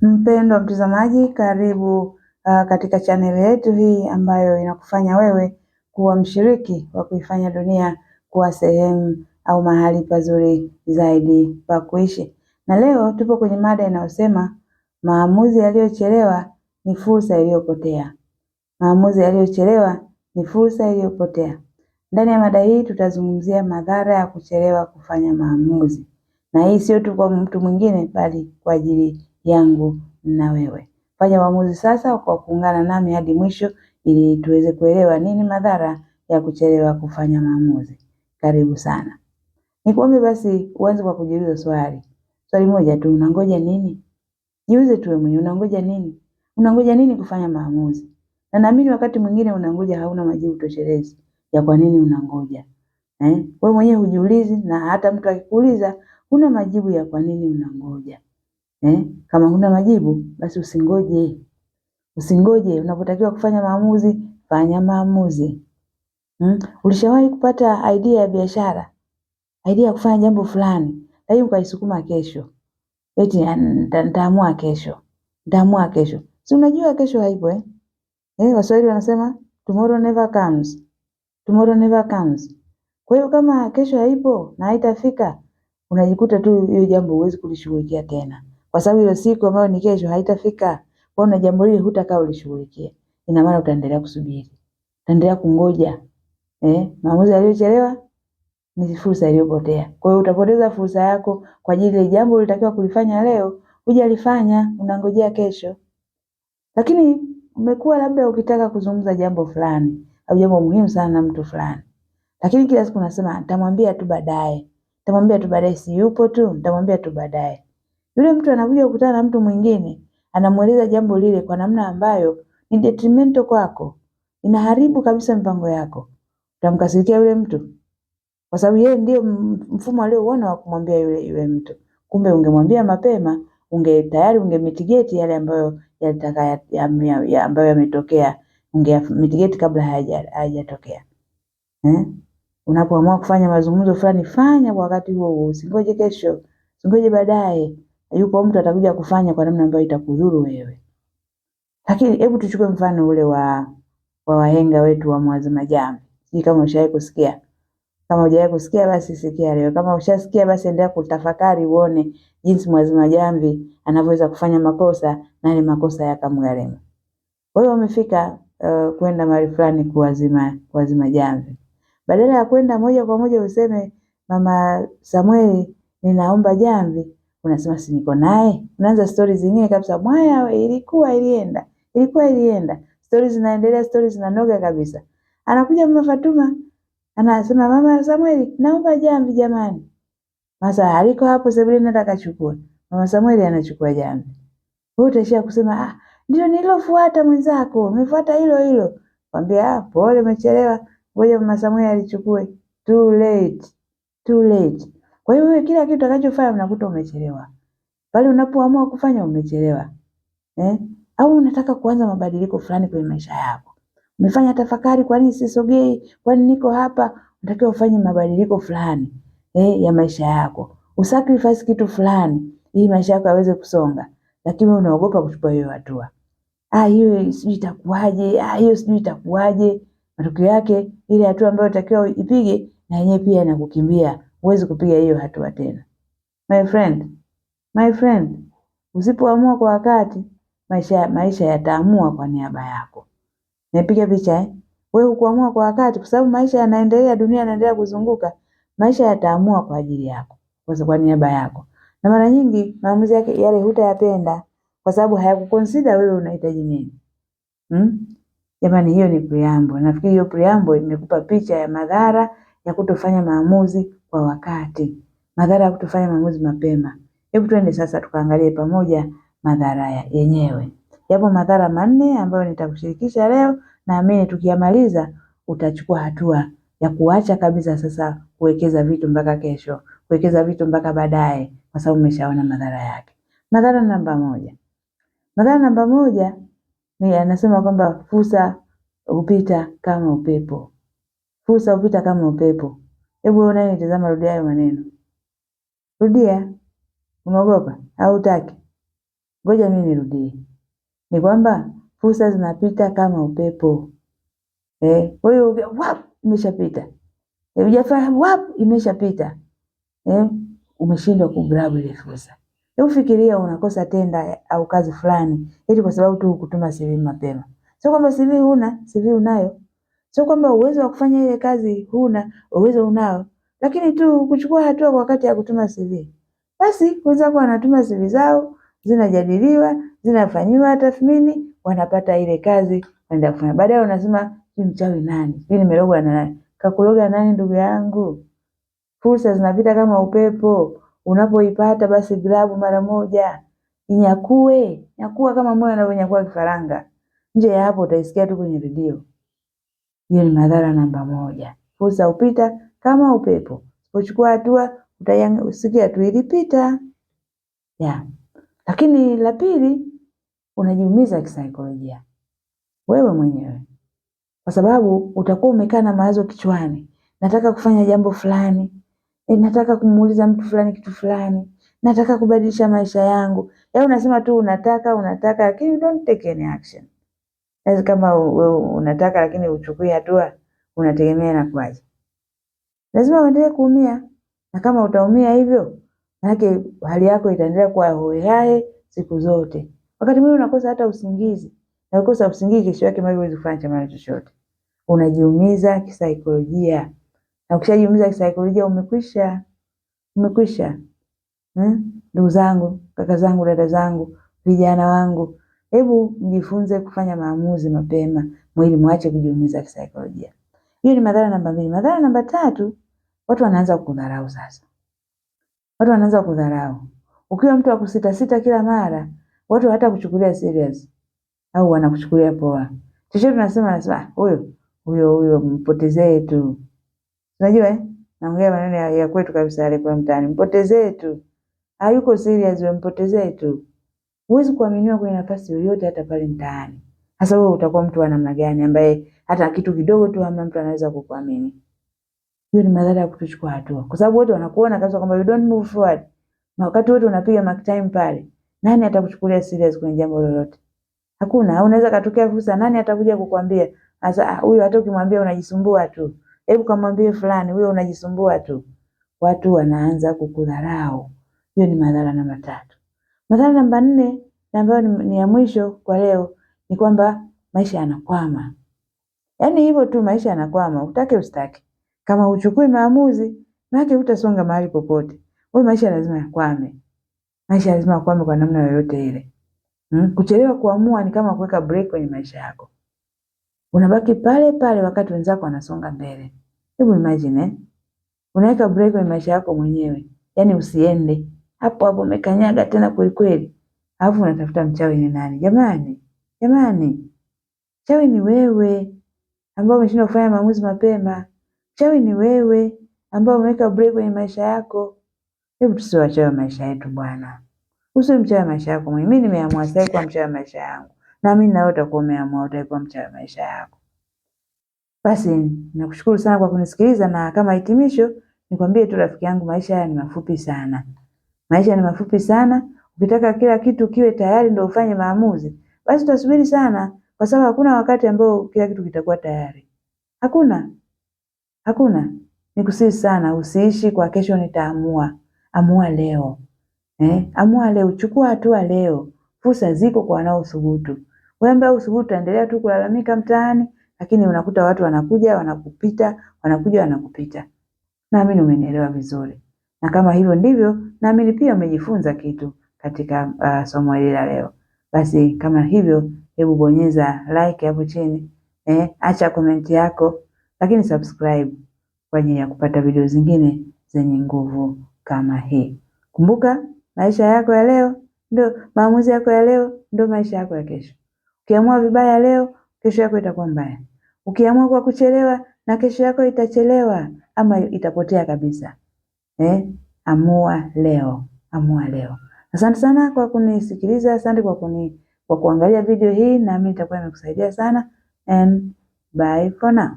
Mpendwa mtazamaji, karibu uh, katika chaneli yetu hii ambayo inakufanya wewe kuwa mshiriki wa kuifanya dunia kuwa sehemu au mahali pazuri zaidi pa kuishi. Na leo tupo kwenye mada inayosema maamuzi yaliyochelewa ni fursa iliyopotea. Maamuzi yaliyochelewa ni fursa iliyopotea. Ndani ya mada hii tutazungumzia madhara ya kuchelewa kufanya maamuzi, na hii sio tu kwa mtu mwingine, bali kwa ajili yangu na wewe. Fanya uamuzi sasa kwa kuungana nami hadi mwisho ili tuweze kuelewa nini madhara ya kuchelewa kufanya maamuzi. Karibu sana. Nikuombe basi uanze kwa kujiuliza swali. Swali moja tu, unangoja nini? Jiulize tu wewe mwenyewe unangoja nini? Unangoja nini kufanya maamuzi? Na naamini wakati mwingine unangoja hauna majibu toshelezi ya kwa nini unangoja. Eh? Wewe mwenyewe hujiulizi na hata mtu akikuuliza huna majibu ya kwa nini unangoja. Eh, kama huna majibu basi usingoje. Usingoje, unapotakiwa kufanya maamuzi, fanya maamuzi. hmm? Ulishawahi kupata idea ya biashara? Idea ya kufanya jambo fulani, lakini ukaisukuma kesho. Eti ah, "Nita- nitaamua kesho. Nitaamua kesho. Si unajua kesho haipo eh? Eh, Waswahili wanasema tomorrow never comes. Tomorrow never comes. Kwa hiyo kama kesho haipo na haitafika, unajikuta tu hiyo jambo huwezi kulishughulikia tena kwa sababu hiyo siku ambayo ni kesho haitafika. Kwa hiyo na jambo hili hutakaa ulishughulikia, ina maana utaendelea kusubiri, utaendelea kungoja. Eh, maamuzi yaliyochelewa ni fursa iliyopotea. Kwa hiyo utapoteza fursa yako kwa ajili ya jambo ulitakiwa kulifanya leo, hujalifanya, unangojea kesho. Lakini umekuwa labda ukitaka kuzungumza jambo fulani au jambo muhimu sana na mtu fulani, lakini kila siku unasema nitamwambia tu baadaye, nitamwambia tu baadaye, si yupo tu, nitamwambia tu baadaye. Yule mtu anakuja kukutana na mtu mwingine anamweleza jambo lile kwa namna ambayo ni detrimento kwako, inaharibu kabisa mipango yako, utamkasirikia yule mtu kwa sababu yeye ndio mfumo aliouona wa kumwambia yule yule mtu. Kumbe ungemwambia mapema, unge tayari unge mitigate yale ambayo yalitaka ya, ya, ya, ya ambayo yametokea, unge mitigate kabla hayajatokea. Eh? Unapoamua kufanya mazungumzo fulani, fanya kwa wakati huo huo, usingoje kesho, usingoje baadaye yupo mtu atakuja kufanya kwa namna ambayo itakudhuru wewe. Lakini hebu tuchukue mfano ule wa wa wahenga wetu wa mwazi majamvi. Sijui kama ushawahi kusikia. Kama hujawahi kusikia basi sikia leo. Kama ushasikia basi endelea kutafakari uone jinsi mwazi majamvi anavyoweza kufanya makosa na ile makosa yakamgharimu. hiyo umefika uh, kwenda mahali fulani kuwazima kuwazima jamvi. Badala ya kwenda moja kwa moja useme Mama Samueli, ninaomba jamvi, unasema si niko naye, unaanza stori zingine kabisa, mwaya we, ilikuwa ilienda, ilikuwa ilienda, stori zinaendelea, stori zinanoga kabisa. Anakuja mama Fatuma anasema, mama Samueli, naomba jamvi jamani. Masa aliko hapo Sebrina atakachukua mama Samueli anachukua jamvi, wewe utaishia kusema ah, ndio nilofuata mwenzako, umefuata hilo hilo. Kwambia ah, pole, umechelewa, ngoja mama Samueli alichukue. Too late, too late. Kwa hiyo wewe kila kitu utakachofanya unakuta umechelewa. Pale unapoamua kufanya umechelewa. Eh? Au unataka kuanza mabadiliko fulani kwenye maisha yako. Umefanya tafakari kwa nini sisogei? Kwa nini niko hapa? Unatakiwa ufanye mabadiliko fulani eh, ya maisha yako. Usacrifice kitu fulani ili maisha yako yaweze kusonga. Lakini wewe unaogopa kuchukua hiyo hatua. Ah, hiyo sijui itakuwaje? Ah, hiyo sijui itakuwaje? Matokeo yake ile hatua ambayo unatakiwa ipige na yenyewe pia inakukimbia huwezi kupiga hiyo hatua tena. My friend, my friend, usipoamua kwa wakati maisha maisha yataamua kwa niaba yako. Nipiga picha eh? Wewe hukuamua kwa wakati kwa sababu maisha yanaendelea, dunia inaendelea kuzunguka. Maisha yataamua kwa ajili yako, kwa sababu kwa niaba yako. Na mara nyingi maamuzi yake yale hutayapenda kwa sababu hayakukonsida wewe unahitaji nini. Hmm? Jamani hiyo ni preamble. Nafikiri hiyo preamble imekupa picha ya madhara ya kutofanya maamuzi kwa wakati. Madhara ya kutofanya maamuzi mapema. Hebu tuende sasa tukaangalie pamoja madhara yenyewe. Yapo madhara manne ambayo nitakushirikisha leo, naamini tukiyamaliza utachukua hatua ya kuacha kabisa sasa kuwekeza vitu mpaka kesho, kuwekeza vitu mpaka baadaye, kwa sababu umeshaona madhara yake. Madhara namba moja. Madhara namba moja ni anasema kwamba fursa hupita kama upepo. Fursa hupita kama upepo. Hebu wewe unayenitazama, rudia hayo maneno, rudia. Unaogopa au hutaki? Ngoja mimi nirudie, ni kwamba fursa zinapita kama upepo eh. Kwa hiyo wap, imeshapita eh, hujafanya wap, imeshapita eh, umeshindwa kugrab ile fursa. Hebu fikiria, unakosa tenda au kazi fulani ili kwa sababu tu kutuma CV mapema. Sio kwamba CV huna, CV unayo, Sio kwamba uwezo wa kufanya ile kazi huna, uwezo unao, lakini tu kuchukua hatua kwa wakati ya kutuma CV. Basi wenzako wanatuma CV zao, zinajadiliwa, zinafanyiwa tathmini, wanapata ile kazi wanaenda kufanya. Baadaye unasema ni mchawi nani? Mimi nimerogwa na nani? Kakuroga nani ndugu yangu? Fursa zinapita kama upepo. Unapoipata basi grabu mara moja. Inyakue, nyakua kama moyo anavyonyakua kifaranga. Nje ya hapo utaisikia tu kwenye redio. Hiyo ni madhara namba moja. Fursa hupita kama upepo, usipochukua hatua utasikia tu ilipita. Yeah. Lakini la pili, unajiumiza kisaikolojia wewe mwenyewe, kwa sababu utakuwa umekaa na mawazo kichwani, nataka kufanya jambo fulani e, nataka kumuuliza mtu fulani kitu fulani, nataka kubadilisha maisha yangu. Yaani unasema tu unataka unataka, lakini don't take any action. Sasa yaani kama wewe unataka lakini uchukui hatua, unategemea na inakuwaje? Lazima uendelee kuumia, na kama utaumia hivyo, manake hali yako itaendelea kuwa hohehahe siku zote. Wakati mwingine unakosa hata usingizi, na ukosa usingizi, kesho yake mali huwezi kufanya cha maana chochote, unajiumiza kisaikolojia, na ukishajiumiza kisaikolojia umekwisha, umekwisha. Hmm? Ndugu hmm, zangu, kaka zangu, dada zangu, vijana wangu Hebu mjifunze kufanya maamuzi mapema, mwili mwache kujiumiza kisaikolojia. Hiyo ni madhara namba mbili. Madhara namba tatu, watu wanaanza kudharau sasa. Watu wanaanza kudharau. Ukiwa mtu wa kusita sita kila mara, watu hata kuchukulia serious au wanakuchukulia poa. Chochote tunasema nasema ah, huyo huyo huyo mpotezee tu. Unajua eh? Naongea maneno ya, ya kwetu kabisa yale kwa mtaani. Mpotezee tu. Hayuko serious wewe mpotezee tu. Huwezi kuaminiwa kwenye nafasi yoyote, hata pale mtaani. Sasa wewe utakuwa mtu wa namna gani, ambaye hata kitu kidogo tu hamna mtu anaweza kukuamini? Hiyo ni madhara ya kutochukua hatua, kwa sababu wote wanakuona kabisa kwamba you don't move forward, na wakati wote unapiga mark time pale, nani atakuchukulia serious kwenye jambo lolote? Hakuna. Unaweza katokea fursa, nani atakuja kukwambia? Sasa ah, huyo? hata ukimwambia unajisumbua tu, hebu kamwambie fulani, huyo unajisumbua tu. Watu wanaanza kukudharau. Hiyo ni madhara namba tatu. Nadhari namba nne na ambayo ni ni ya mwisho kwa leo ni kwamba maisha yanakwama, yaani hivyo tu, maisha yanakwama, utake ustake. Kama uchukui maamuzi, maana utasonga mahali popote. Kwa maisha lazima yakwame, maisha lazima yakwame kwa namna yoyote ile. Hmm? Kuchelewa kuamua ni kama kuweka break kwenye maisha yako, unabaki pale pale wakati wenzako wanasonga mbele. Hebu imagine eh? Unaweka break kwenye maisha yako mwenyewe, yaani usiende hapo hapo umekanyaga tena kweli kweli, alafu unatafuta mchawi ni nani? Jamani, jamani, chawi ni wewe ambao umeshindwa kufanya maamuzi mapema. Chawi ni wewe ambao umeweka break kwenye maisha yako. Hebu tusiwe wachawi wa maisha yetu bwana, usiwe mchawi wa maisha yako Mimi nimeamua sasa kuwa mchawi wa maisha yangu, naamini nawe utakuwa umeamua, utakuwa mchawi wa maisha yako. Basi nakushukuru sana kwa kunisikiliza, na kama hitimisho nikwambie tu rafiki yangu, maisha haya ni mafupi sana. Maisha ni mafupi sana, ukitaka kila kitu kiwe tayari ndio ufanye maamuzi, basi utasubiri sana, kwa sababu hakuna wakati ambao kila kitu kitakuwa tayari. Hakuna, hakuna. Nikusihi sana, usiishi kwa kesho nitaamua. Amua leo eh? Amua leo, chukua hatua leo. Fursa ziko kwa wanaothubutu. Wewe ambaye usubutu, endelea tu kulalamika mtaani, lakini unakuta watu wanakuja wanakupita, wanakuja wanakupita. Naamini umenielewa vizuri na kama hivyo ndivyo, naamini pia umejifunza kitu katika uh, somo hili la leo. Basi kama hivyo, hebu bonyeza like hapo chini eh, acha komenti yako, lakini subscribe kwa ajili ya kupata video zingine zenye nguvu kama hii. Kumbuka maisha yako ya leo ndio maamuzi yako ya leo ndio maisha yako ya kesho. Ukiamua vibaya leo, kesho yako itakuwa mbaya. Ukiamua kwa kuchelewa, na kesho yako itachelewa ama itapotea kabisa. Eh, amua leo, amua leo. Asante sana kwa kunisikiliza, asante kwa kuni kwa kuangalia video hii, na nitakuwa nimekusaidia sana, and bye for now.